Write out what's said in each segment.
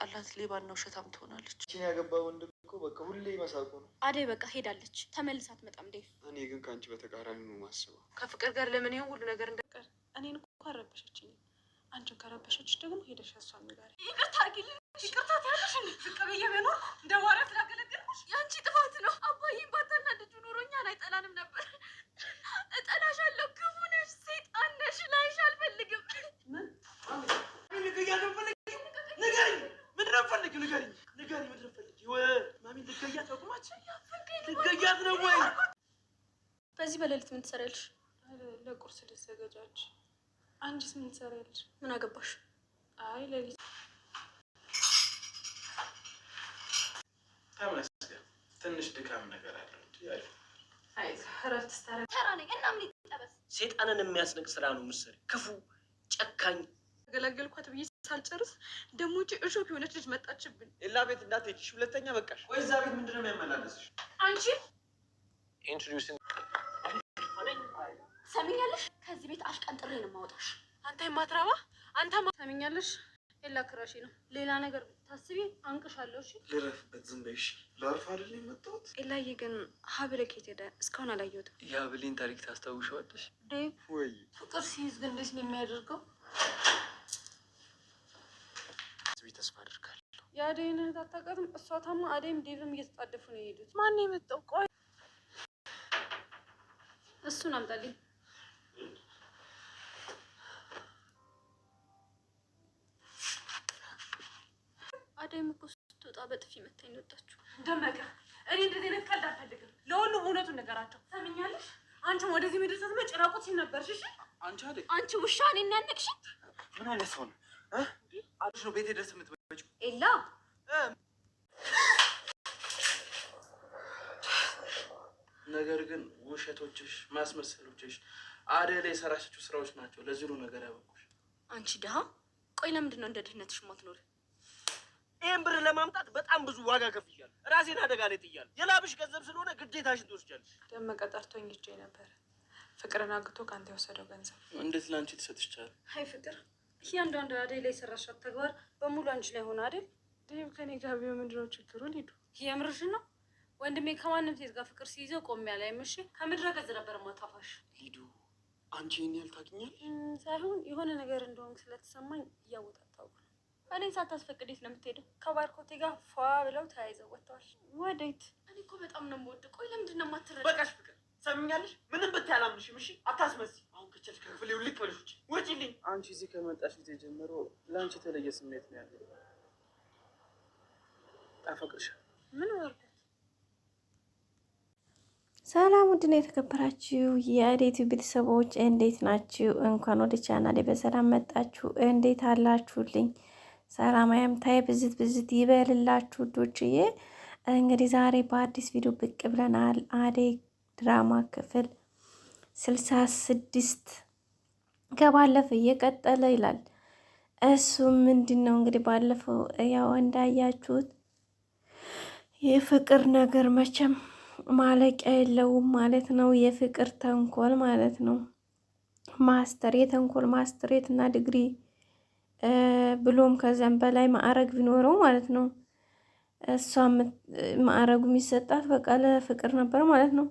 ያልቃላት ሌባና ውሸታም ትሆናለች። ቺን ያገባ ወንድም እኮ በቃ ሁሌ መሳቁ ነው። አደይ በቃ ሄዳለች፣ ተመልሳ አትመጣም። ዴቭ እኔ ግን ከአንቺ በተቃራኒ ነው ማስበው። ከፍቅር ጋር ለምን ይሁን ሁሉ ነገር እንደቀር እኔን እኮ አረበሸችኝ። አንቺን ከረበሸች ደግሞ ሄደሽ ያሷን ጋር ልገያት አቁማች ልገያት ነው ወይ? በዚህ በሌሊት ምን ትሰሪያለሽ? ለቁርስ ልዘገጃች። አንቺስ ምን ትሰሪያለሽ? ምን አገባሽ? አይ ሌሊት ተመስገን ትንሽ ድካም ነገር ሴጣንን የሚያስነቅ ስራ ነው የምትሰሪው። ክፉ ጨካኝ ገላገልኳት ብዬ ሳልጨርስ ደግሞ እቺ እሾክ የሆነች ልጅ መጣችብኝ። ሌላ ቤት እንዳትሄጂሽ፣ ሁለተኛ በቃሽ። ወይ እዛ ቤት ምንድነው የሚያመላለስሽ? አንቺ ሰሚኛለሽ? ከዚህ ቤት አሽቀንጥሬ ነው የማወጣሽ። አንተ የማትረባ አንተ ሰሚኛለሽ? ሌላ ክራሽ ነው ሌላ ነገር ብታስቢ አንቅሻለሁ። እሺ ልረፍበት። ዝም በይሽ። ላርፍ አይደል የመጣሁት። ኤላዬ ግን ሀብሌ ከየት ሄደ? እስካሁን አላየሁትም። የሀብሌን ታሪክ ታስታውሻዋለሽ? ወይ ፍቅር ሲይዝ ግን እንዴት ነው የሚያደርገው? እንደምትቀርቢ ተስፋ አድርጋለሁ። የአደይን እህት አታውቃትም? እሷ ታማ አደይም ዴቭም እየተጣደፉ ነው የሄዱት። ማን ነው የመጣው? ቆይ እሱን አምጣልኝ። አደይም እኮ ስትወጣ በጥፊ መታኝ ወጣችሁ። ደመቀ፣ እኔ እንደዚህ አይነት ቀልድ አልፈልግም። ለሁሉም እውነቱን ነገራቸው። ሰምኛለሽ? አንቺም ወደዚህ ምድር ስትመጪ ራቁትሽን ነበርሽ። አንቺ ውሻ፣ እኔን ያነቅሽ ምን አይነት ሰው ነው? አሉሽ ነው ቤቴ ድረስ የምትመጪው? ኤላ ነገር ግን ውሸቶችሽ፣ ማስመሰሎችሽ አደ ላይ ስራዎች ናቸው ለዚህ ሁሉ ነገር ያበቁሽ። አንቺ ድሃ፣ ቆይ ለምንድን ነው እንደ ድህነትሽ ማትኖር? ይህን ብር ለማምጣት በጣም ብዙ ዋጋ ከፍያለሁ። ራሴን አደጋ ላይ ጥያለሁ። የላብሽ ገንዘብ ስለሆነ ግዴታሽን ትወስጃለሽ። ደመቀ ጠርቶኝ ሄጄ ነበር። ፍቅርን አግቶ ከአንተ የወሰደው ገንዘብ እንዴት ለአንቺ ትሰጥሽ ቻለ? አይ ፍቅር እያንዳንዱ አደይ ላይ የሰራሻት ተግባር በሙሉ አንቺ ላይ ሆነ አይደል? ይህም ከኔ ጋር ቢሆን ምንድን ነው ችግሩ? ሊዱ የምርሽ ነው ወንድሜ? ከማንም ሴት ጋር ፍቅር ሲይዘው ቆም ያለ አይምሽ። ከምድረ ገጽ ነበር ማታፋሽ። ሊዱ አንቺ ይህን ያህል ታውቂኛለሽ ሳይሆን የሆነ ነገር እንደሆንክ ስለተሰማኝ እያወጣታውቅ እኔን ሳታስፈቅዴት ነው የምትሄደው። ከባርኮቴ ጋር ፏ ብለው ተያይዘው ወጥተዋል። ወዴት? እኔ እኮ በጣም ነው የምወድ። ቆይ ለምንድን ነው የማትረዳ? በቃሽ ፍቅር ሰምኛለሽ። ምንም ብታይ አላምንሽም። እሺ አታስመስይ ብቻሽ ከክፍሌ ውልቅ በልሽ ውጪልኝ። አንቺ እዚህ ከመጣሽ ጊዜ ጀምሮ ለአንቺ የተለየ ስሜት ነው ያለው። አፈቅርሻለሁ። ምን ወርኩት። ሰላም ውድና የተከበራችሁ የአዴቱ ቤተሰቦች እንዴት ናችሁ? እንኳን ወደ ቻናሌ በሰላም መጣችሁ። እንዴት አላችሁልኝ? ሰላም አያምታይ ብዝት ብዝት ይበልላችሁ ዶችዬ። እንግዲህ ዛሬ በአዲስ ቪዲዮ ብቅ ብለናል። አዴ ድራማ ክፍል ስልሳ ስድስት ከባለፈ እየቀጠለ ይላል። እሱ ምንድን ነው እንግዲህ ባለፈው ያው እንዳያችሁት የፍቅር ነገር መቼም ማለቂያ የለውም ማለት ነው። የፍቅር ተንኮል ማለት ነው። ማስተር የተንኮል ማስተሬት እና ዲግሪ ብሎም ከዚያም በላይ ማዕረግ ቢኖረው ማለት ነው። እሷ ማዕረጉ የሚሰጣት በቃ ለፍቅር ነበር ማለት ነው።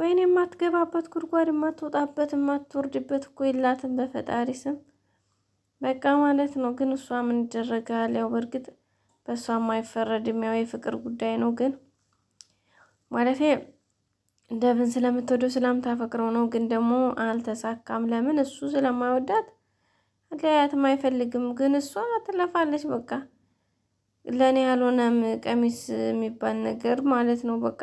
ወይኔ የማትገባበት ጉድጓድ የማትወጣበት የማትወርድበት እኮ የላትም በፈጣሪ ስም በቃ ማለት ነው። ግን እሷ ምን ይደረጋል? ያው በእርግጥ በእሷ የማይፈረድም ያው የፍቅር ጉዳይ ነው። ግን ማለት ደብን ስለምትወደው ስለምታፈቅረው ነው። ግን ደግሞ አልተሳካም። ለምን? እሱ ስለማይወዳት ሊያያትም አይፈልግም። ግን እሷ ትለፋለች። በቃ ለእኔ ያልሆነም ቀሚስ የሚባል ነገር ማለት ነው በቃ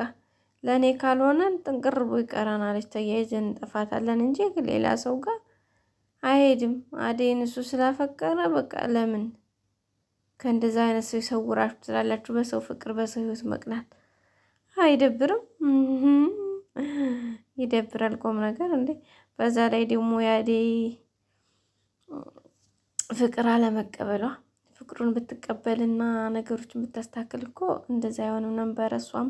ለእኔ ካልሆነ ጥንቅር ብሎ ይቀረናለች፣ ተያይዘን እንጠፋታለን እንጂ ሌላ ሰው ጋር አይሄድም። አደይን እሱ ስላፈቀረ በቃ ለምን ከእንደዛ አይነት ሰው ይሰውራችሁ ትላላችሁ? በሰው ፍቅር በሰው ህይወት መቅናት አይደብርም? ይደብራል። ቆም ነገር እንዴ! በዛ ላይ ደግሞ የአደይ ፍቅር አለመቀበሏ ፍቅሩን ብትቀበልና ነገሮችን ብታስታክል እኮ እንደዛ አይሆንም ነበረ እሷም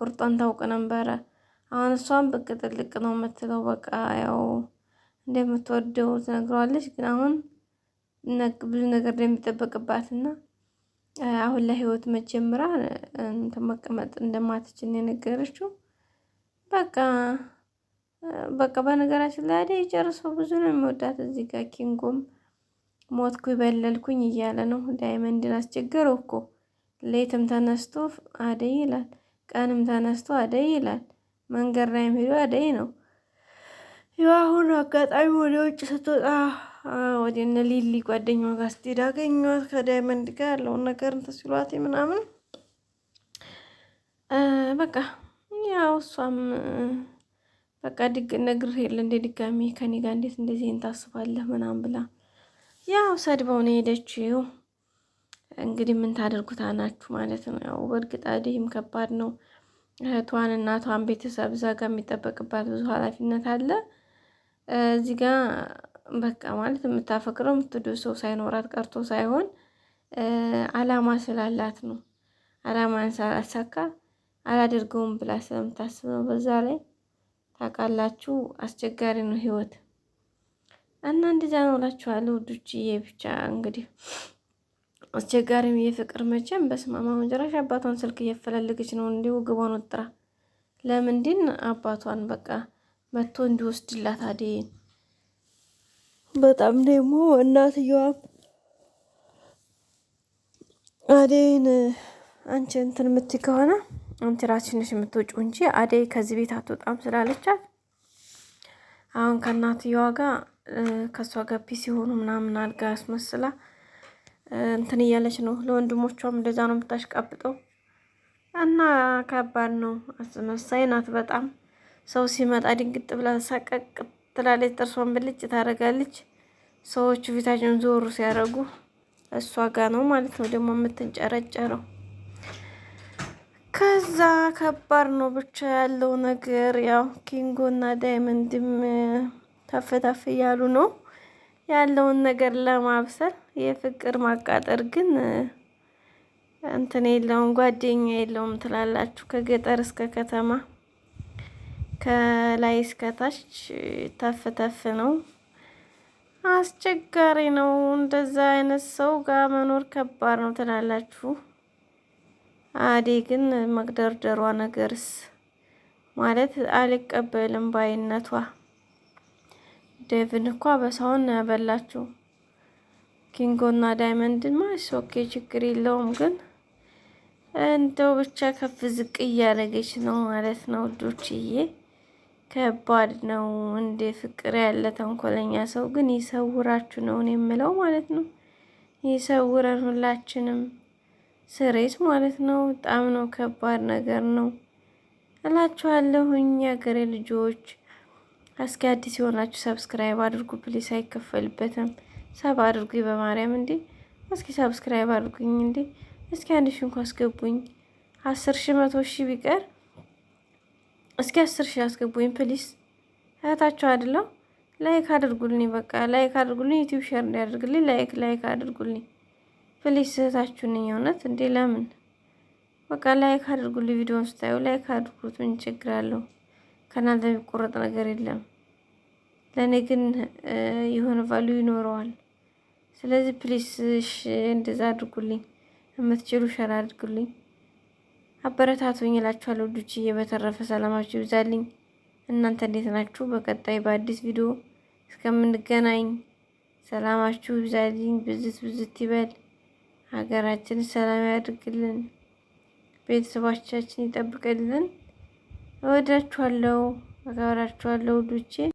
ቁርጧን ታውቅ ነበረ። አሁን እሷን ብቅ ጥልቅ ነው የምትለው። በቃ ያው እንደምትወደው ትነግረዋለች። ግን አሁን ብዙ ነገር እንደሚጠበቅባትና እና አሁን ለህይወት መጀመሪያ መቀመጥ እንደማትችል የነገረችው። በቃ በቃ በነገራችን ላይ አደይ ጨርሰው ብዙ ነው የሚወዳት። እዚህ ጋር ኪንጎም ሞትኩ ይበለልኩኝ እያለ ነው። ዳይመንድን አስቸገረው እኮ ሌትም ተነስቶ አደይ ይላል ቀንም ተነስቶ አደይ ይላል። መንገድ ላይም ሄዶ አደይ ነው። ይህ አሁን አጋጣሚ ወደ ውጭ ስትወጣ ወደ እነ ሊሊ ጓደኛዋ ጋር ስትሄድ አገኘኋት። ከዳይመንድ ጋር ያለውን ነገር እንትን ሲሏት ምናምን በቃ ያው እሷም በቃ ድግ ነግር የለ እንደ ድጋሚ ከኔ ጋር እንዴት እንደዚህ ታስባለህ ምናምን ብላ ያው ሰድበው ነው የሄደችው። እንግዲህ ምን ታደርጉታ ናችሁ ማለት ነው። ያው በእርግጥ አዲህም ከባድ ነው። እህቷን፣ እናቷን፣ ቤተሰብ እዛ ጋር የሚጠበቅባት ብዙ ኃላፊነት አለ። እዚህ ጋ በቃ ማለት የምታፈቅረው የምትዱ ሰው ሳይኖራት ቀርቶ ሳይሆን አላማ ስላላት ነው። አላማን ሳላሳካ አላደርገውም ብላ ስለምታስብ ነው። በዛ ላይ ታውቃላችሁ አስቸጋሪ ነው ህይወት እና እንደዚያ ነው እላችኋለሁ ብቻ እንግዲህ አስቸጋሪም የፍቅር መቼም በስማማ መጀራሽ አባቷን ስልክ እየፈለገች ነው። እንዲሁ ግቧን ወጥራ ለምንድን አባቷን በቃ መቶ እንዲወስድላት አደይን በጣም ደግሞ እናትየዋም አደይን አንቺ እንትን የምትይ ከሆነ አንቺ ራስሽን የምትወጪው እንጂ አደይ ከዚህ ቤት አትወጣም ስላለቻት አሁን ከእናትየዋ ጋር ከእሷ ገቢ ሲሆኑ ምናምን አድጋ ያስመስላ እንትን እያለች ነው። ለወንድሞቿም እንደዛ ነው የምታሽቃብጠው እና ከባድ ነው። አስመሳይ ናት በጣም ሰው ሲመጣ ድንግጥ ብላ ሳቀቅ ትላለች፣ ጥርሷን ብልጭ ታደርጋለች። ሰዎቹ ፊታቸውን ዞሩ ሲያደርጉ እሷ ጋ ነው ማለት ነው ደግሞ የምትንጨረጨረው። ከዛ ከባድ ነው ብቻ ያለው ነገር ያው ኪንጎ እና ዳይመንድም ታፈታፍ እያሉ ነው። ያለውን ነገር ለማብሰል የፍቅር ማቃጠር ግን እንትን የለውም ጓደኛ የለውም ትላላችሁ። ከገጠር እስከ ከተማ ከላይ እስከ ታች ተፍ ተፍ ነው። አስቸጋሪ ነው። እንደዛ አይነት ሰው ጋር መኖር ከባድ ነው ትላላችሁ። አዴ ግን መግደርደሯ ነገርስ ማለት አልቀበልም ባይነቷ ዴቭን እኳ በሳውን ያበላችሁ ኪንጎና ዳይመንድማ ሶኬ ችግር የለውም ግን እንደው ብቻ ከፍ ዝቅ እያደረገች ነው ማለት ነው ውዶችዬ። ከባድ ነው እንዴ! ፍቅር ያለ ተንኮለኛ ሰው ግን ይሰውራችሁ ነው የምለው ማለት ነው። ይሰውረን ሁላችንም ስሬት ማለት ነው። በጣም ነው ከባድ ነገር ነው እላችኋለሁኝ እኛ ልጆች እስኪ አዲስ የሆናችሁ ሰብስክራይብ አድርጉ ፕሊስ፣ አይከፈልበትም። ሰብ አድርጉ በማርያም እንዴ! እስኪ ሰብስክራይብ አድርጉኝ እንዴ! እስኪ አንድ ሺ እንኳ አስገቡኝ። አስር ሺ መቶ ሺ ቢቀር እስኪ አስር ሺ አስገቡኝ ፕሊስ። እህታችሁ አይደለው? ላይክ አድርጉልኝ፣ በቃ ላይክ አድርጉልኝ። ዩቲዩብ ሸር እንዲያደርግልኝ ላይክ ላይክ አድርጉልኝ ፕሊስ። እህታችሁ ነኝ እውነት እንዴ! ለምን በቃ ላይክ አድርጉልኝ። ቪዲዮውን ስታዩ ላይክ አድርጉት። ምን ችግር አለው? ከእናንተ የሚቆረጥ ነገር የለም። ለእኔ ግን የሆነ ቫሉ ይኖረዋል። ስለዚህ ፕሊስ እንደዛ አድርጉልኝ፣ የምትችሉ ሸር አድርጉልኝ፣ አበረታቱኝ እላችኋለሁ። ዱችዬ በተረፈ ሰላማችሁ ይብዛልኝ። እናንተ እንዴት ናችሁ? በቀጣይ በአዲስ ቪዲዮ እስከምንገናኝ ሰላማችሁ ይብዛልኝ። ብዝት ብዝት ይበል። ሀገራችን ሰላም ያድርግልን። ቤተሰባቻችን ይጠብቅልን። እወዳችኋለሁ፣ አከብራችኋለሁ ዱቼ